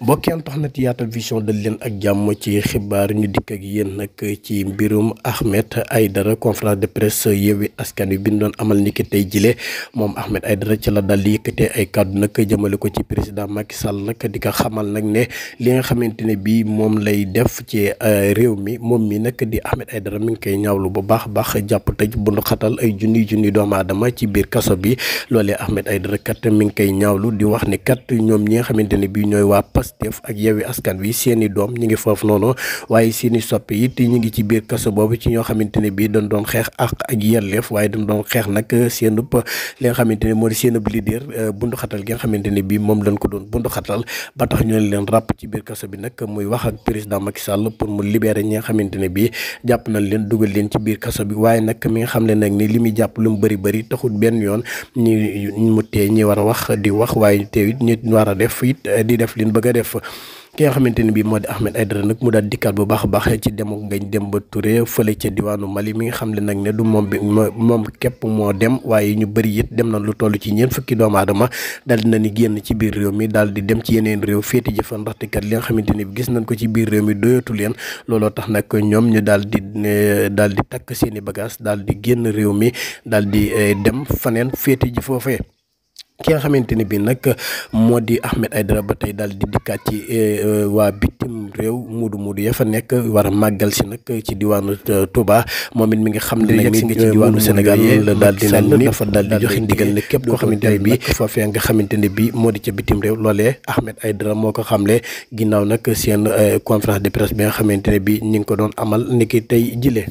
mbokki internet Yatal Vision dal leen ak jàmm ci xibaar ñu dikk ak yéen nag ci mbirum Ahmed Aidara conférence de presse Yewwi Askan Wi bi ñu doon amal niki tey jile moom Ahmed Aidara ci la dal di yëkkatee ay kàddu nag jëmale ko ci président Macky Sall nag di ko xamal nag ne li nga xamante ne bii moom lay def ci euh, réew mi moom mi nag di Ahmed Aidara mi ngi koy ñaawlu bu baax baax jàpp tëj bundu xatal ay junniy junniy doomu aadama ci biir kaso bi loolee Ahmed Aidara kat mi ngi koy ñaawlu di wax ni kat ñoom ñi nga xamante ne bii ñooy waa Pastef ak Yewwi Askan Wi seeni doom ñi ngi foofu noonu waaye seeni soppe it ñi ngi ci biir kaso boobu ci ñoo xamante ne bii dañ doon xeex ak ak yelleef waaye dañ doon xeex nag seenub li nga xamante ne moo di seenub leader euh, bundu xatal gi nga xamante ne bii moom lañ ko doon bundu xatal ba tax ñu leen ràpp ci biir kaso bi nag muy wax ak président Macky Sall pour mu libérer ñi nga xamante ne bii jàpp na leen dugal leen ci biir kaso bi waaye nag mi nga xam ne nag ni li muy jàpp lu mu bëri bëri taxul benn yoon ñu mu tee ñi war a di wax waaye a def def ki nga xamante ni bii moo di Ahmed Aidara nag mu daal dikkaat bu baax a baax ci dem ak Ngagne ba Touré fële ca diwaanu Mali mi nga xam ne nag ne du moom bi moom képp moo dem waaye ñu bëri it dem na lu toll ci ñeent fukki doomu aadama daal di nañu génn ci biir réew mi daal di dem ci yeneen réew féete jëfa ndaxte kat li nga xamante ni gis nañ ko ci biir réew mi doyatu leen looloo tax nag ñoom ñu daal di daal di takk seeni bagage daal di génn réew mi daal di eh, dem faneen ki nga xamante ne bii nag moo di Ahmed Aidara ba tey daal di dikkaat ci eh, eh, waa bitim réew muudu muudu ya fa nekk war a màggal si nag ci diwaanu eh, Touba moom it mi nga xam ne nag si nga ci diwaanu Sénégal daal di naan ne képp koo xamante ne bii foofee nga xamante ne bii moo di ca bitim réew loolee Ahmed Aidara moo ko xamle ginnaaw nag seen conférence de presse bi nga xamante ne bii ñu ngi ko doon amal ni ki tey jilee